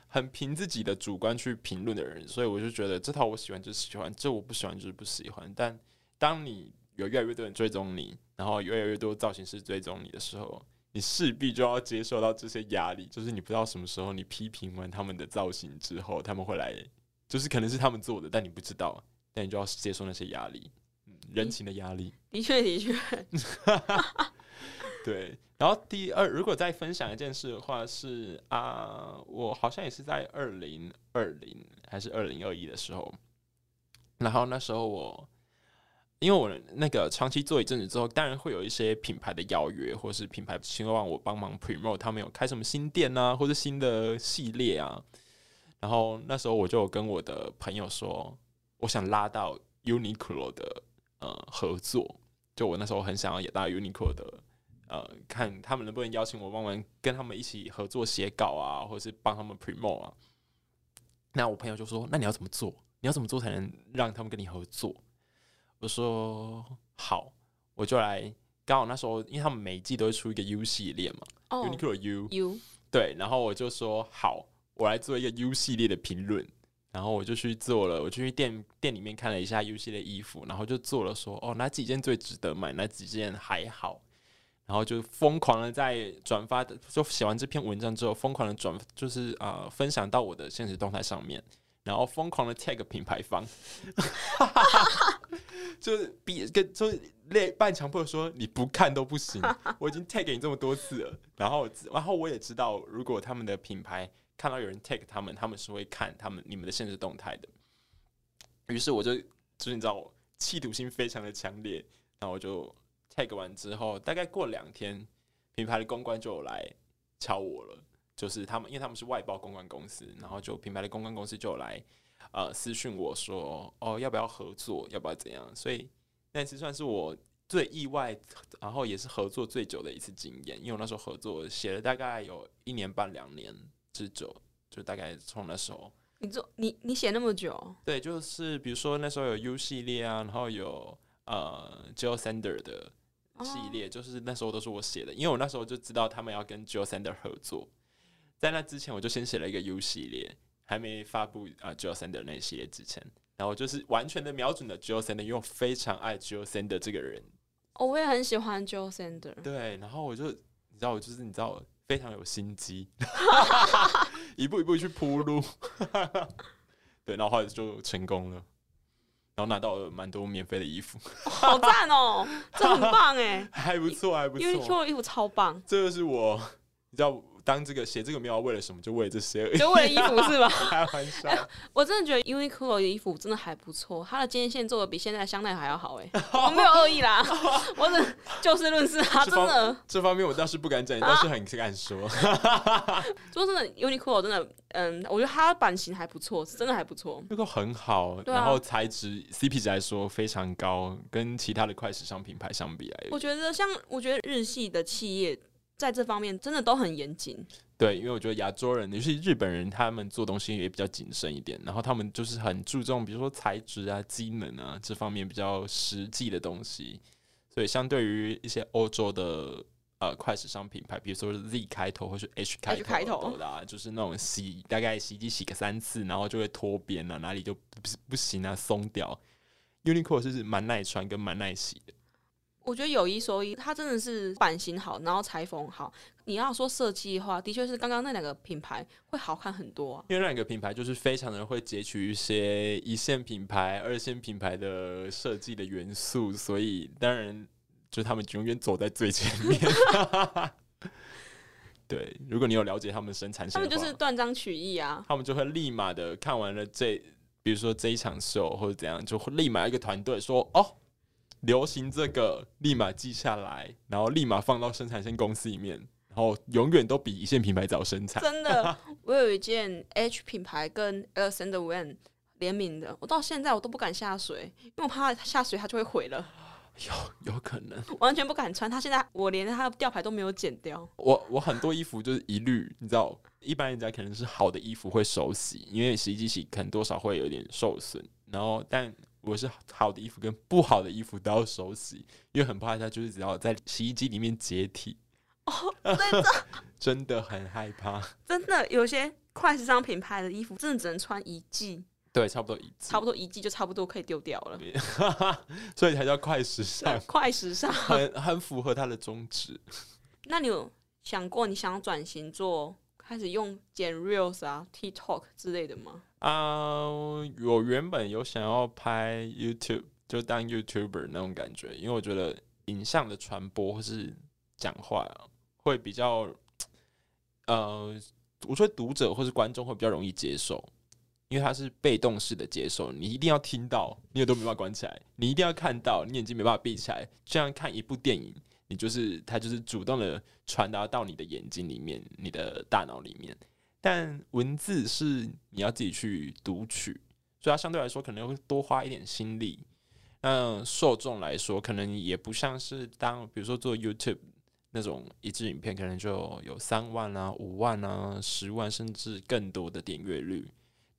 很憑自己的主觀去評論的人，所以我就覺得這套我喜歡就喜歡，這我不喜歡就是不喜歡。但當你有越來越多人追蹤你，然後越來越多造型師追蹤你的時候。你勢必就要接受到這些壓力，就是你不知道什麼時候你批評完他們的造型之後，他們會來，就是可能是他們做的，但你不知道，但你就要接受那些壓力，嗯，人情的壓力。你的確的確， (laughs) 對。然後第二，如果再分享一件事的話是，是、呃、啊，我好像也是在二零二零還是二零二一的時候，然後那時候我。因為我那個長期做一陣子之後，當然會有一些品牌的邀約，或是品牌希望我幫忙 promote 他們有開什麼新店啊，或者新的系列啊。然後那時候我就跟我的朋友說，我想拉到 Uniqlo 的呃合作，就我那時候很想要也拉 Uniqlo 的呃，看他們能不能邀請我幫忙跟他們一起合作寫稿啊，或者是幫他們 promote 啊。那我朋友就說，那你要怎麼做？你要怎麼做才能讓他們跟你合作？我說好，我就來。剛好那時候，因為他們每一季都會出一個 U 系列嘛，oh，Uniqlo U U。對，然後我就說好，我來做一個 U 系列的評論。然後我就去做了，我就去店店裡面看了一下 U 系列衣服，然後就做了說，哦，哪幾件最值得買，哪幾件還好。然後就瘋狂的在轉發，就寫完這篇文章之後，瘋狂的轉，就是啊，呃，分享到我的現實動態上面，然後瘋狂的 tag 品牌方。 (laughs) (laughs) (laughs) 就是比跟就是那半強迫說，你不看都不行，我已經 tag 給你這麼多次了， (laughs) 然後然後我也知道，如果他們的品牌看到有人 tag 他們，他們是會看他們你們的限時動態的。於是我就就是你知道我，企圖心非常的強烈，然後我就 tag 完之後，大概過兩天，品牌的公關就有來敲我了，就是他們，因為他們是外包公關公司，然後就品牌的公關公司就有來。呃，私訊我說，哦，要不要合作？要不要怎樣？所以，那次算是我最意外，然後也是合作最久的一次經驗。因為我那時候合作寫了大概有一年半兩年之久，就大概從那時候，你做你你寫那麼久？對，就是比如說那時候有 U 系列啊，然後有呃 Jil Sander 的系列，oh. 就是那時候都是我寫的，因為我那時候就知道他們要跟 Jil Sander 合作，在那之前我就先寫了一個 U 系列。還沒發佈啊 Joe Sander 那些之前，然後就是完全的瞄準了 Joe Sander，因為我非常愛 Joe Sander 這個人。我也很喜歡 Joe Sander，對，然後我就你知道，我就是你知道，我非常有心機， (laughs) (laughs) 一步一步去鋪路。 (laughs) 對，然後後來就成功了，然後拿到了蠻多免費的衣服，好讚哦，哦 (laughs) 這很棒哎 (laughs) 還不錯，還不錯，因為說我衣服超棒。這個是我，你知道。當這個寫這個沒有為了什麼？就為了這些，就為了衣服是吧？開玩笑， (laughs) 我真的覺得 Uniqlo 的衣服真的還不錯，它的肩線做的比現在香奈兒還要好哎。Oh! 我沒有惡意啦，oh! 我只就事論事 (laughs) 啊，真的。這方面我倒是不敢講，但是很敢說。啊、 (laughs) 說真的，Uniqlo 真的，嗯，我覺得它的版型還不錯，是真的還不錯。那、這個很好，啊、然後材質 CP 值來說非常高，跟其他的快時尚品牌相比來，我覺得像，我覺得日系的企業。在這方面真的都很嚴謹。對，因為我覺得亞洲人，尤其是日本人，他們做東西也比較謹慎一點。然後他們就是很注重，比如說材質啊、機能啊這方面比較實際的東西。所以，相對於一些歐洲的呃快時尚品牌，比如說是 Z 開頭或是 H 開頭的啊，就是那種洗大概洗衣機洗個三次，然後就會脫邊啊，哪裡就不不行啊，鬆掉。Uniqlo 是蠻耐穿跟蠻耐洗的。我覺得有一說一，它真的是版型好，然後裁縫好。你要說設計的話，的確是剛剛那兩個品牌會好看很多啊。因為那兩個品牌就是非常的會截取一些一線品牌、二線品牌的設計的元素，所以當然就他們永遠走在最前面。 (laughs) (laughs) 對，如果你有了解他們生產線的話，他們就是斷章取義啊。他們就會立馬的看完了這，比如說這一場秀或者怎樣，就會立馬一個團隊說哦。流行這個，立馬記下來，然後立馬放到生產線公司裡面，然後永遠都比一線品牌早生產。真的， (laughs) 我有一件 H 品牌跟 Alexander Wang 聯名的，我到現在我都不敢下水，因為我怕它下水它就會毀了。有有可能，完全不敢穿。他現在我連他的吊牌都沒有剪掉。我我很多衣服就是一律你知道，一般人家可能是好的衣服會手洗，因為洗衣機洗可能多少會有點受損。然後但。我是好的衣服跟不好的衣服都要手洗，因為很怕它就是只要在洗衣機裡面解體。哦、oh,，真的， (laughs) 真的很害怕。真的，有些快時尚品牌的衣服真的只能穿一季。對，差不多一季。差不多一季就差不多可以丟掉了。 (laughs) 所以才叫快時尚。啊、快時尚。很很符合它的宗旨。 (laughs) 那你有想過，你想要轉型做？開始用剪 reels 啊，TikTok 之類的嗎？啊、uh,，我原本有想要拍 YouTube，就當 YouTuber 那種感覺，因為我覺得影像的傳播或是講話啊，會比較，呃，我覺得讀者或是觀眾會比較容易接受，因為他是被動式的接受，你一定要聽到，你耳朵沒辦法關起來，你一定要看到，你眼睛沒辦法閉起來，就像看一部電影。你就是他，它就是主動的傳達到你的眼睛裡面、你的大腦裡面。但文字是你要自己去讀取，所以它相對來說可能會多花一點心力。嗯，受眾來說，可能也不像是當比如說做 YouTube 那種一支影片，可能就有三萬啊、五萬啊、十萬甚至更多的點閱率。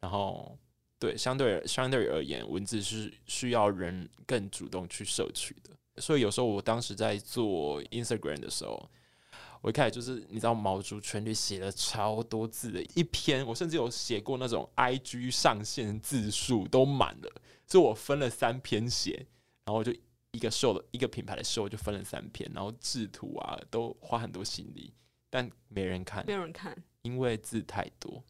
然後，對，相對相對而言，文字是需要人更主動去攝取的。所以有時候，我當時在做 Instagram 的時候，我一開始就是你知道，卯足全力寫了超多字的一篇，我甚至有寫過那種 IG 上限字數都滿了，所以我分了三篇寫，然後就一個 show 的一個品牌的 show 就分了三篇，然後製圖啊都花很多心力，但沒人看，沒有人看，因為字太多，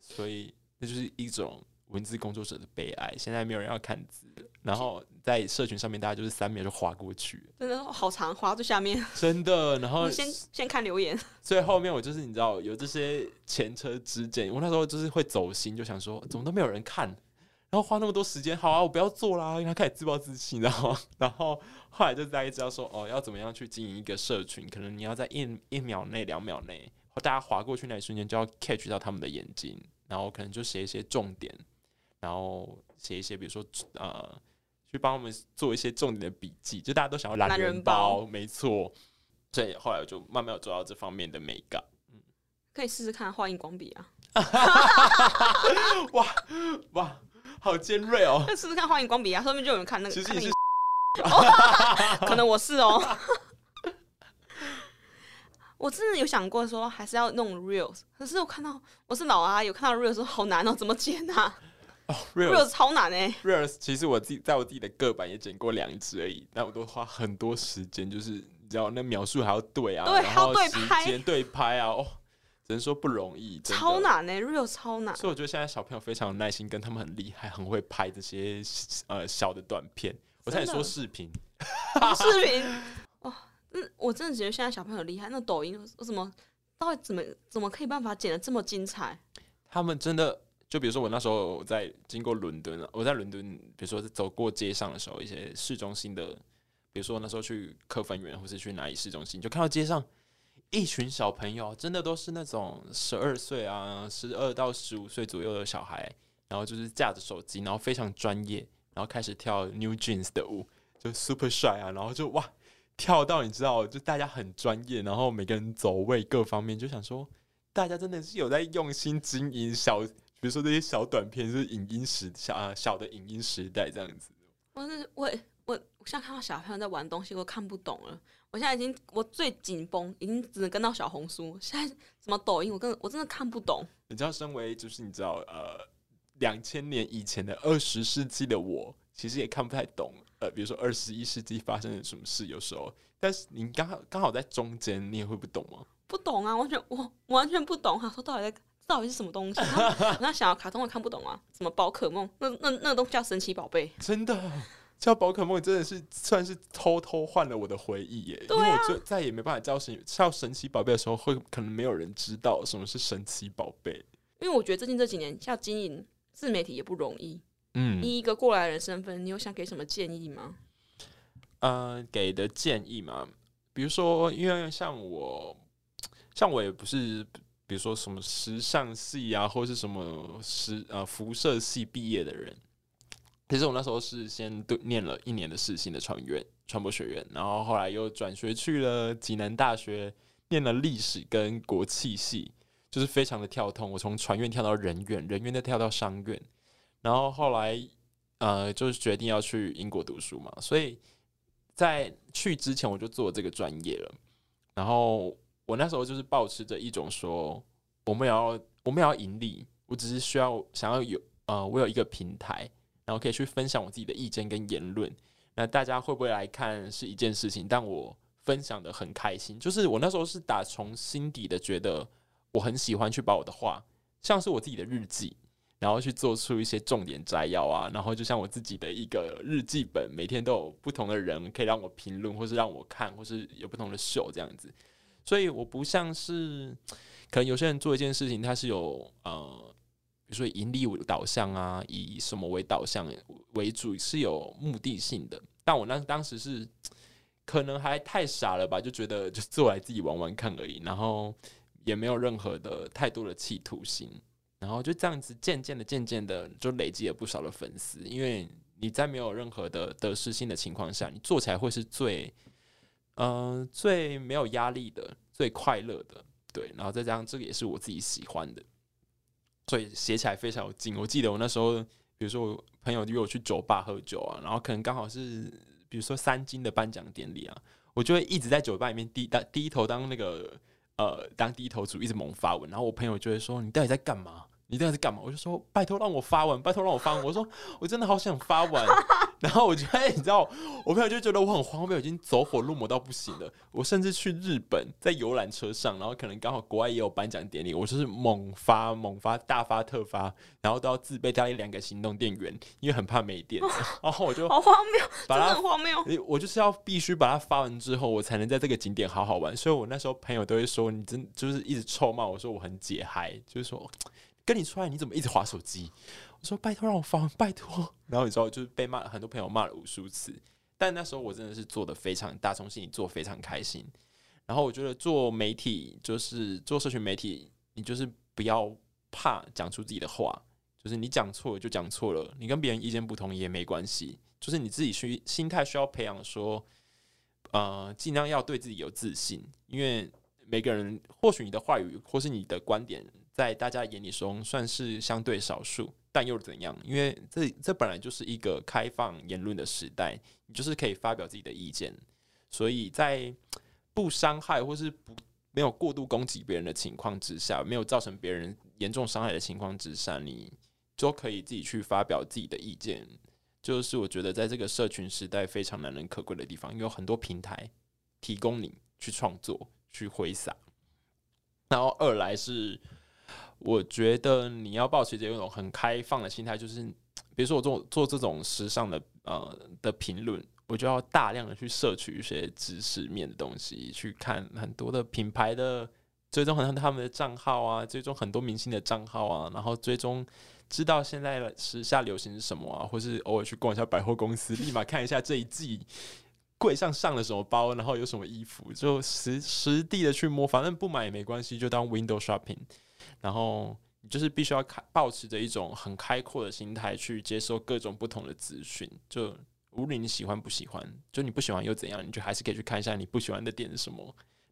所以這就是一種。文字工作者的悲哀，現在沒有人要看字。然後在社群上面，大家就是三秒就劃過去，真的好長，劃到下面，真的。然後你先先看留言，最後面我就是你知道有這些前車之鑑，我那時候就是會走心，就想說怎麼都沒有人看，然後花那麼多時間，好啊，我不要做啦，因為他開始自暴自棄，你知道嗎？然後然後後來就大家一直要說哦，要怎麼樣去經營一個社群，可能你要在一一秒內、兩秒內，大家劃過去那一瞬間就要 catch 到他們的眼睛，然後可能就寫一些重點。然後寫一些，比如說呃，去幫我們做一些重點的筆記，就大家都想要懶人,人包，沒錯。所以後來我就慢慢有做到這方面的美感。可以試試看畫熒光筆啊！ (laughs) (laughs) (laughs) 哇哇，好尖銳哦、喔！那試試看畫熒光筆啊！上面就有人看那個，其實你是， (laughs) (laughs) 可能我是哦、喔。 (laughs) 我真的有想過說還是要弄 reals 可是我看到我是老啊，有看到 reals 說好難哦、喔，怎麼剪啊？Oh, real, real 超難呢、欸、r e a l 其實我自己在我自己的個版也剪過兩次而已，但我都花很多時間，就是你知道那個、描述還要對啊，對還要對拍， (laughs) 對拍啊，哦，只能說不容易，超難誒、欸、，real 超難。所以我覺得現在小朋友非常有耐心，跟他們很厲害，很會拍這些呃小的短片。我在說視頻， (laughs) 視頻哇，嗯、 (laughs) 哦，我真的覺得現在小朋友厲害，那抖音我怎麼到底怎麼怎麼可以辦法剪得這麼精彩？他們真的。就比如說我那時候在經過倫敦，我在倫敦，比如說是走過街上的時候，一些市中心的，比如說那時候去科芬園或是去哪裡市中心，就看到街上一群小朋友，真的都是那種十二歲啊，十二到十五歲左右的小孩，然後就是架着手機，然後非常專業，然後開始跳 New Jeans 的舞，就 Super shy 啊，然後就哇，跳到你知道，就大家很專業，然後每個人走位各方面，就想說，大家真的是有在用心經營小。比如說那些小短片，就是影音時小啊，小的影音時代這樣子。我是我我，我我現在看到小朋友在玩東西，我看不懂了。我現在已經我最緊繃，已經只能跟到小紅書。現在什麼抖音，我更我真的看不懂。你知道，身為就是你知道，呃，兩千年以前的二十世紀的我，其實也看不太懂。呃，比如說二十一世紀發生了什麼事，有時候。但是你剛好剛好在中間，你也會不懂嗎？不懂啊，完全我，我完全不懂啊，說到底在。到底是什麼東西？我在想，卡通我看不懂啊。 (laughs) 什麼寶可夢？那那那都叫神奇寶貝。真的叫寶可夢，真的是算是偷偷換了我的回憶耶。 (laughs) 啊、因為我就再也沒辦法叫神叫神奇寶貝的時候，會可能沒有人知道什麼是神奇寶貝。因為我覺得最近這幾年，像經營自媒體也不容易。嗯，以一個過來人身份，你有想給什麼建議嗎？嗯，呃、給的建議嘛，比如說，因為像我，像我也不是。比如說什麼時尚系啊，或者是什麼時呃服設系畢業的人。其實我那時候是先讀念了一年的世新的傳院傳播學院，然後後來又轉學去了濟南大學，念了歷史跟國際系，就是非常的跳通。我從傳院跳到人院，人院再跳到商院，然後後來呃就是決定要去英國讀書嘛，所以在去之前我就做這個專業了，然後。我那時候就是保持着一種說，我們要我們要盈利，我只是需要想要有呃，我有一個平台，然後可以去分享我自己的意見跟言論。那大家會不會來看是一件事情，但我分享的很開心。就是我那時候是打從心底的覺得，我很喜歡去把我的話，像是我自己的日記，然後去做出一些重點摘要啊，然後就像我自己的一個日記本，每天都有不同的人可以讓我評論，或是讓我看，或是有不同的秀這樣子。所以我不像是，可能有些人做一件事情，他是有呃，比如說盈利為導向啊，以什麼為導向為主是有目的性的。但我那當時是，可能還太傻了吧，就覺得就做來自己玩玩看而已，然後也沒有任何的太多的企圖心，然後就這樣子漸漸的、漸漸的就累積了不少的粉絲。因為你在沒有任何的得失心的情況下，你做起來會是最。呃，最沒有壓力的，最快樂的，對，然後再加上這個也是我自己喜歡的，所以寫起來非常有勁。我記得我那時候，比如說我朋友約我去酒吧喝酒啊，然後可能剛好是比如說三金的頒獎典禮啊，我就會一直在酒吧裡面低低頭當那個呃，當低頭族，一直猛發文，然後我朋友就會說：“你到底在幹嘛？你到底在幹嘛？”我就說：“拜托讓我發文，拜托讓我發文。”我說：“我真的好想發文。 (laughs) ”然後我就、欸、你知道，我朋友就覺得我很荒謬，已經走火入魔到不行了。我甚至去日本，在遊覽車上，然後可能剛好國外也有頒獎典禮，我就是猛發、猛發、大發特發，然後都要自備家一兩個行動電源，因為很怕沒電。然後我就把好荒謬，真的很荒謬。我就是要必須把它發完之後，我才能在這個景點好好玩。所以我那時候朋友都會說，你真就是一直臭罵我，我說我很解嗨，就是說跟你出來你怎麼一直滑手機。說拜托讓我發拜託，然後你知道就是被罵了很多朋友罵了無數次，但那時候我真的是做的非常大心，從心裡做非常開心。然後我覺得做媒體就是做社群媒體，你就是不要怕講出自己的話，就是你講錯了，就講錯了，你跟別人意見不同也沒關係。就是你自己需心態需要培養，說呃儘量要對自己有自信，因為每個人或許你的話語或是你的觀點在大家眼裡中算是相對少數。但又怎樣？因為這這本來就是一個開放言論的時代，你就是可以發表自己的意見。所以在不傷害或是不沒有過度攻擊別人的情況之下，沒有造成別人嚴重傷害的情況之下，你就可以自己去發表自己的意見。就是我覺得在這個社群時代非常難能可貴的地方，有很多平台提供你去創作、去揮灑。然後二來是。我覺得你要保持這種很開放的心態，就是比如說我做做這種時尚的呃的評論，我就要大量的去攝取一些知識面的東西，去看很多的品牌的追蹤，好像他們的賬號啊，追蹤很多明星的賬號啊，然後追蹤知道現在時下流行是什麼，啊，或是偶爾去逛一下百貨公司， (laughs) 立馬看一下這一季櫃上上了什麼包，然後有什麼衣服，就實實地的去摸，反正不買也沒關係，就當 window shopping。然後你就是必須要開，保持着一種很開闊的心態去接受各種不同的資訊。就無論你喜歡不喜歡，就你不喜歡又怎樣，你就還是可以去看一下你不喜歡的點是什麼，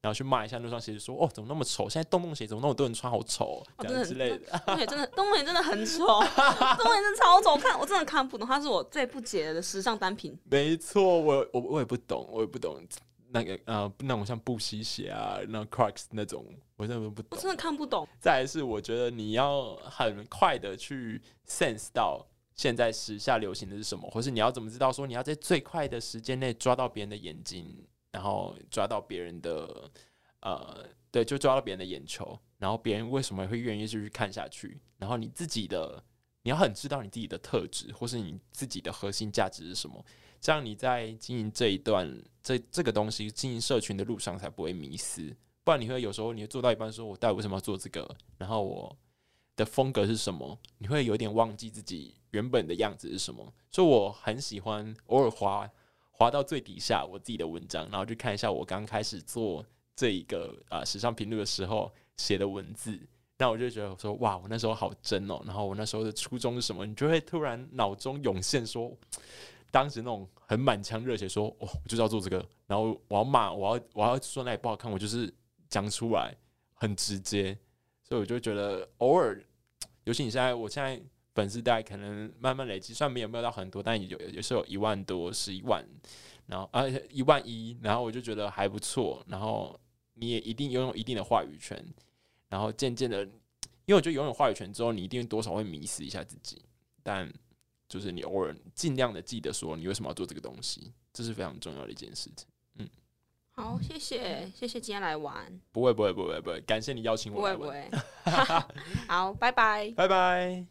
然後去罵一下那雙鞋子，說：“哦，怎麼那麼醜？現在洞洞鞋怎麼那麼多人穿，好醜、哦，這樣之類的。”對，真的，洞洞鞋真的很醜，洞洞鞋真的超醜，看我真的看不懂，它是我最不解的時尚單品。沒錯，我我我也不懂，我也不懂那個呃那種像布希鞋啊，然後 Crocs 那種。我真的不懂，我真的看不懂。再來是，我覺得你要很快的去 sense 到現在時下流行的是什麼，或是你要怎麼知道說你要在最快的時間內抓到別人的眼睛，然後抓到別人的，呃，對，就抓到別人的眼球，然後別人為什麼會願意繼續看下去？然後你自己的，你要很知道你自己的特質，或是你自己的核心價值是什麼，這樣你在經營這一段這這個東西經營社群的路上才不會迷失。不然你會有時候你會做到一半，說，我到底為什麼要做這個？然後我的風格是什麼？你會有點忘記自己原本的樣子是什麼？所以我很喜歡偶爾滑滑到最底下我自己的文章，然後去看一下我剛開始做這一個啊，時尚評論的時候寫的文字。那我就覺得我說，哇，我那時候好真哦！然後我那時候的初衷是什麼？你就會突然腦中湧現說，當時那種很滿腔熱血說，說，哦，哇，我就是要做這個，然後我要罵，我要我要說那也不好看，我就是。講出來很直接，所以我就覺得偶爾，尤其你現在，我現在粉絲大概可能慢慢累積，雖然沒有沒有到很多，但也有有時候有一萬多、十一萬，然後而且、啊、一萬一，然後我就覺得還不錯。然後你也一定擁有一定的話語權，然後漸漸的，因為我覺得擁有話語權之後，你一定多少會迷失一下自己。但就是你偶爾盡量的記得說，你為什麼要做這個東西，這是非常重要的一件事情。好，oh，謝謝謝謝，今天來玩。不會不會不會不會，感謝你邀請我來玩。不會不會，不會 (laughs) (laughs) 好，拜拜拜拜。